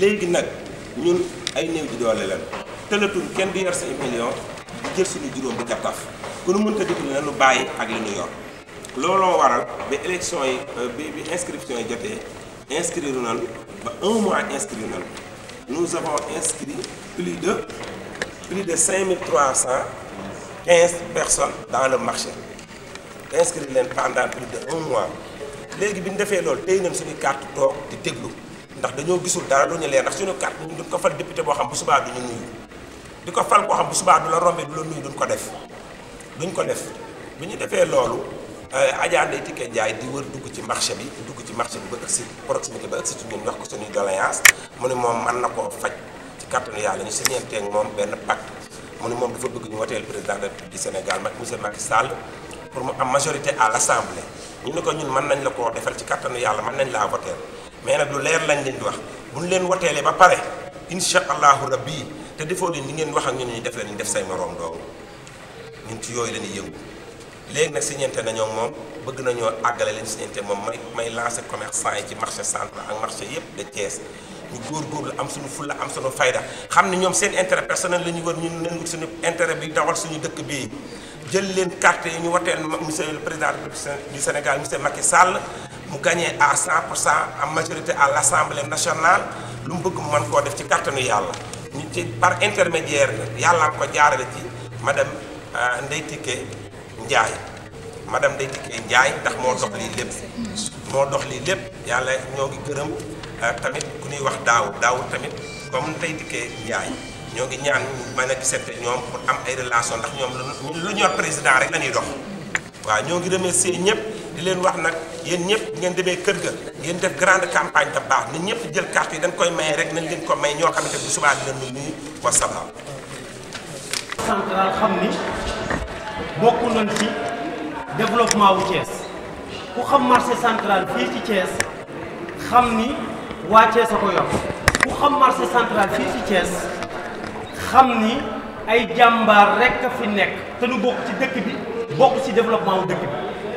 léegi nag ñun ay néew ji doole lan tëlatul kenn di yor say million di jël suñu juróom di gattaf ku nu mënta dimbali na nu bàyyi ak li ñu yor looloo waral ba élection yi euh, bi bi inscription yi jotee inscrire nañu ba un mois inscrire nañu nous avons inscrit plus de plus de 5315 personnes dans le marché inscrit leen pendant plus de un mois léegi bi ñu defee loolu tey nañ suñu carte toog di déglu ndax dañoo gisul dara duñu leer ndax suñu carte duñ ko fal député boo xam bu subaa duñu nuyu di ko fal boo xam bu subaa du la rombee du la nuyu duñ ko def duñ ko def bi ñu defee loolu euh, Adja Ndeye Tické Ndiaye di wër dugg ci marché bi dugg ci marché bi ba ëgsi proximité ba ëgsi ci wax ko suñuy doléance mu ne moom man na koo faj ci kàttanu yàlla ñu siñeenteeg moom benn pacte mu ne moom dafa bëgg ñu woteel président de la Sénégal mag monsieur Macky Sall pour mu am majorité à l'Assemblée ñu ne ko ñun mën nañ la koo defal ci kàttanu yàlla mën nañ laa woteel mais nag lu leer lañ leen di wax bu ñu leen woteelee ba pare incha allahu rabbi te defoo leen li ngeen wax ak ñun ñu def la ñu def say moroom doomu ñun ci yooyu la ñuy yëngu léegi nag ñeente nañoo moom bëgg nañoo àggale leen siñente moom may may lancé commerçant yi ci marché central ak marché yëpp de Thiès ñu góorgóorlu am suñu fulla am suñu fayda xam ne ñoom seen intérêt personnel la ñu war ñun leen suñu intérêt bi dawal suñu dëkk bi jël leen carte yi ñu wateel monsieur le président du Sénégal monsieur Macky Sall mu gagné à 100 pour cent en majorité à l' assemblée nationale lu mu bëgg mu man koo def ci kàttanu yàlla ñu ci par intermédiaire yàlla ko jaarale ci madame euh, Ndeye Tické Ndiaye madame Ndeye Tické Ndiaye ndax moo dox lii lépp moo dox lii lépp yàlla ñoo ngi gërëm euh, tamit ku ñuy wax daaw daaw tamit comme tey Tické Ndiaye ñoo ngi ñaan mën a gisante ñoom pour am ay relation ndax ñoom lu ñor président rek la ñuy dox waaw ñoo ngi remercier ñëpp. leen wax nag yéen ñëpp ngeen demee kër ga ngeen def grande campagne da baax na ñëpp jël carte yi dañ koy maye rek nañ leen ko may ñoo xamante bu subaa dina nu nuyu wasalaam xam ni bokk nañ ci développement wu Thiès ku xam marché central fii ci Thiès xam ni waa Thiès a ko yor ku xam marché central fii ci Thiès xam ni ay jàmbaar rek a fi nekk te nu bokk ci dëkk bi bokk ci développement wu dëkk bi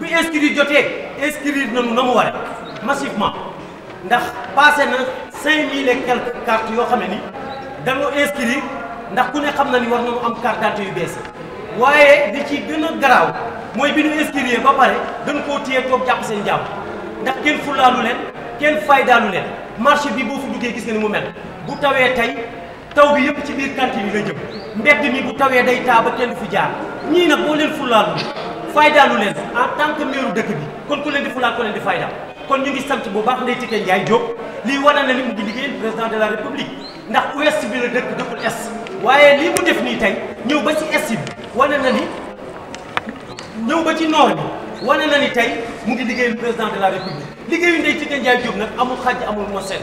bi inscrire jotee inscrire nañu na mu waree massivement ndax passé na cinq mille et quelques cartes yoo xam ne ni dañoo inscrire ndax ku ne xam na ni war nañu am carte d'identité yu bees waaye li ci gën a garaaw mooy bi ñu inscrire ba pare dañ koo téye toog jàpp seen jàpp ndax kenn fulaalu leen kenn faydaalu leen marché bi boo fu duggee gis nga ni mu mel bu tawee tey taw bi yëpp ci biir cantine yi la jëm mbedd mi bu tawee day taa ba kenn du fi jaar ñii nag boo leen faydaalu leen en tant que dëkk bi kon ku leen di fulaal ku leen di faydaal kon ñu ngi sant bu baax Ndeye Tické Ndiaye Diop lii wane na li mu ngi liggéeyal président de la république ndax ouest bi la dëkk dëkkul est waaye lii mu def nii tey ñëw ba ci est bi wane na ni ñëw ba ci nord bi wane na ni tey mu ngi liggéeyal président de la république liggéeyu Ndeye Tické Ndiaye Diop nag amul xaj amul mosel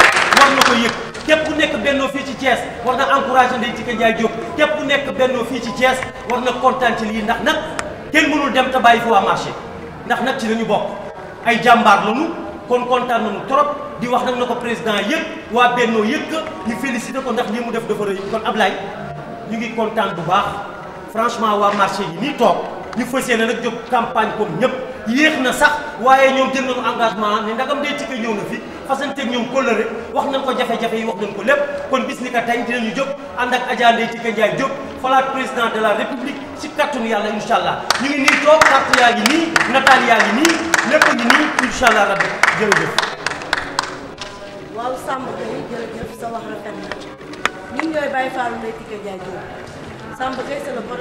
ko yëg ku nekk bennoo fii ci Thiès war na encouragé Ndeye Tické Ndiaye Diop képp ku nekk bennoo fii ci Thiès war na kontaan ci lii ndax nag kenn mënul dem tabaay bàyyi fi waa marché ndax nag ci la ñu bokk ay jàmbaar lañu kon kontaan nañu trop di wax nag na ko président yëpp waa bennoo yëg ko ñu félicité ko ndax lii mu def dafa rëy kon Ablaye ñu ngi kontaan bu baax franchement waa marché yi nii toog ñu fas yéene nag jóg campagne comme ñëpp. yéex na sax waaye ñoom jël nañu engagement ne ndagam dee Tické ñëw na fi fasanteeg ñoom kóllëre wax nañ ko jafe-jafe yi wax nañ ko lépp kon bis ni ka tey dinañu jóg ànd ak Adja Ndeye Tické Ndiaye jóg falaat président de la république ci kàttanu yàlla incha allah ñu ngi nii toog carte yaa ngi nii nataal yaa ngi nii lépp ngi nii incha allah rabbi jërëjëf. waaw Samb kay jërëjëf sa wax rafet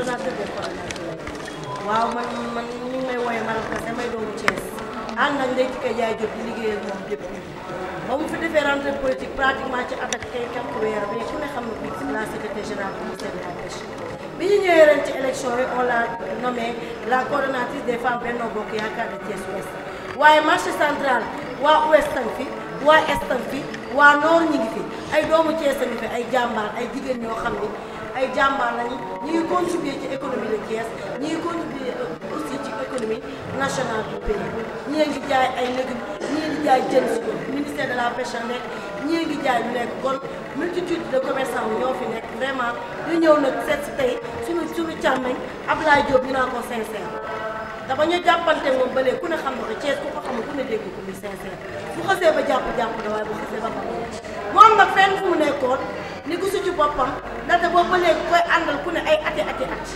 na ñun waaw man man ñu ngi may woowee Malka damay doomu Thiès ànd nañ day Ndeye Jaay Diop di liggéey ak moom depuis mu fi defee rentrée politique pratiquement ci at ak ay quelques weer mais ku ne xam na bii la secrétaire de la ci élection l'a nommée la Benno Bokk Yaakaar de Thiès Ouest waaye marché central waa Ouest tam fi waa Est tam fi waa Nord ñi ngi fi ay doomu Thiès a fi ay jàmbaar ay jigéen ñoo xam ni. ay jàmbaar lañu ñu ngi contribuer ci économie de Thiès ñu ngi contribuer aussi ci économie nationale du pays ñi ngi jaay ay légumes ñi ngi jaay jën si ministère de la pêche nekk ñi ngi jaay lu nekk kon multitude de commerçants ñëw nag seet si tey suñu suñu càmmeñ Abdoulaye Diop ñu naa ko sincère dafa ñu jàppante moom ba léegi ku ne xam na ko Thiès ku ko xamul ku ne dégg ko muy sincère bu xasee ba jàpp jàpp na waaye bu xasee ba xam moom nag fenn fu mu nekkoon ni ko suñu boppam ndaxte boobu ba koy àndal ku ne ay ati ati at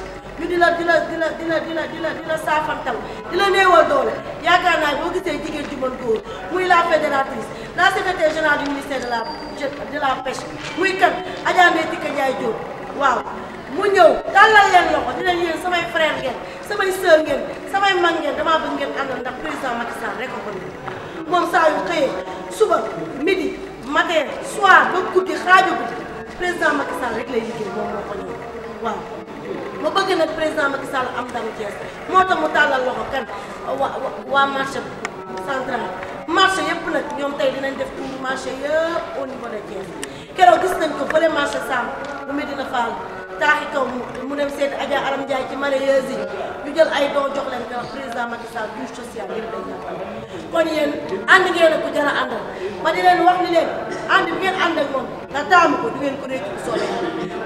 ñu di la di la di la di la di la di la di la saafantal di la néewal doole yaakaar naa boo gisee jigéen ju mën góor muy la fédératrice la secrétaire générale du ministère de la de la pêche muy kan Adja Ndeye Tické Ndiaye waaw mu ñëw tàllal leen loxo di leen yéen samay frère ngeen samay sœur ngeen samay mag ngeen damaa bëgg ngeen àndal ndax président Macky Sall rek a ko nii moom saa yu xëyee suba midi matin soir ba président Macky Sall rek lay liggéey moom moo ko ñëw waaw ma bëgg nag président Macky Sall am ndamu Thiès moo tax mu tàllal loxo kan wa waa marché central marché yëpp nag ñoom tey dinañ def pour marché yëpp au niveau de Thiès keroog gis nañ ko fële marché Sam bu Medina Fall taaxi kaw mu dem seeti Adja Aram Ndiaye ci malaise yi ñu jël ay doo jox leen ko président Macky Sall couche kon yéen ànd ngeen ko jar a ma di leen wax ni leen ànd bi ngeen ànd ak moom nga taamu ko du ngeen ko réccu bu soobee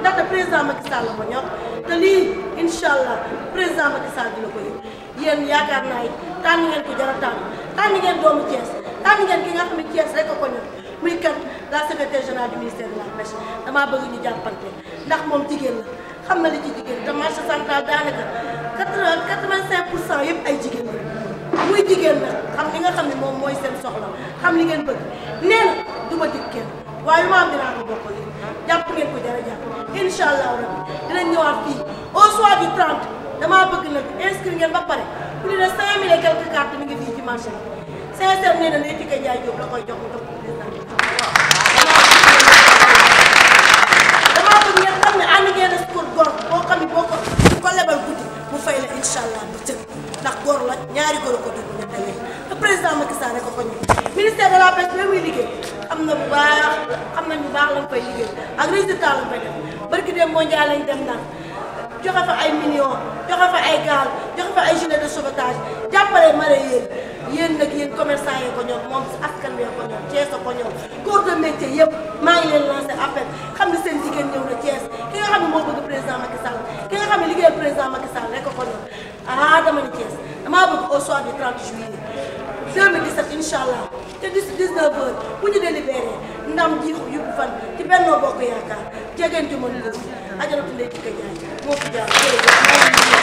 ndaxte président Macky Sall la ko ñor te lii incha allah président Macky Sall dina ko yëg yéen yaakaar naa it tànn ngeen ko jar a tànn tànn ngeen doomu Thiès tànn ngeen ki nga xam ne rek a ko ñor muy kan la secrétaire générale du ministère de la pêche damaa bëgg ñu jàppante ndax moom jigéen la na li ci jigéen te marché central daanaka quatre vingt yëpp ay jigéen la muy nga xam ne moom mooy seen soxla xam ni ngeen bëgg nee na du ma dig kenn waaye lu ma am dinaa ko bokk léegi jàpp ngeen ko jërë jàpp incha allah rabbi dinañ ñëwaat fii au soir du 30 damaa bëgg nag inscrire ngeen ba pare plus de 5000 et quelques cartes mi ngi fii ci ne Tika Ndiaye Diop la koy jox mu jox dëgg nga tamit te président Macky Sall rek ko ñu ministère de la pêche bi muy liggéey am na bu baax xam nañ bu baax lañ koy liggéey ak résultat lañ koy def barki dem mondial lañ dem naan joxe fa ay millions joxe fa ay gaal joxe fa ay gilet de sauvetage jàppale mare yéen yéen nag yéen commerçant yee ko ñoom moom ko ñoom Thiès ko ñoom corps yëpp maa ngi leen lancé appel au soir du 30 juillet 2017 incha allah te d'ici 19 heures bu ñu délibéré ndam ji oh, yóbbu fan ci Benno Bokk Yaakaar jegeen ju mën lësi ajaratu lay jikko jaay moo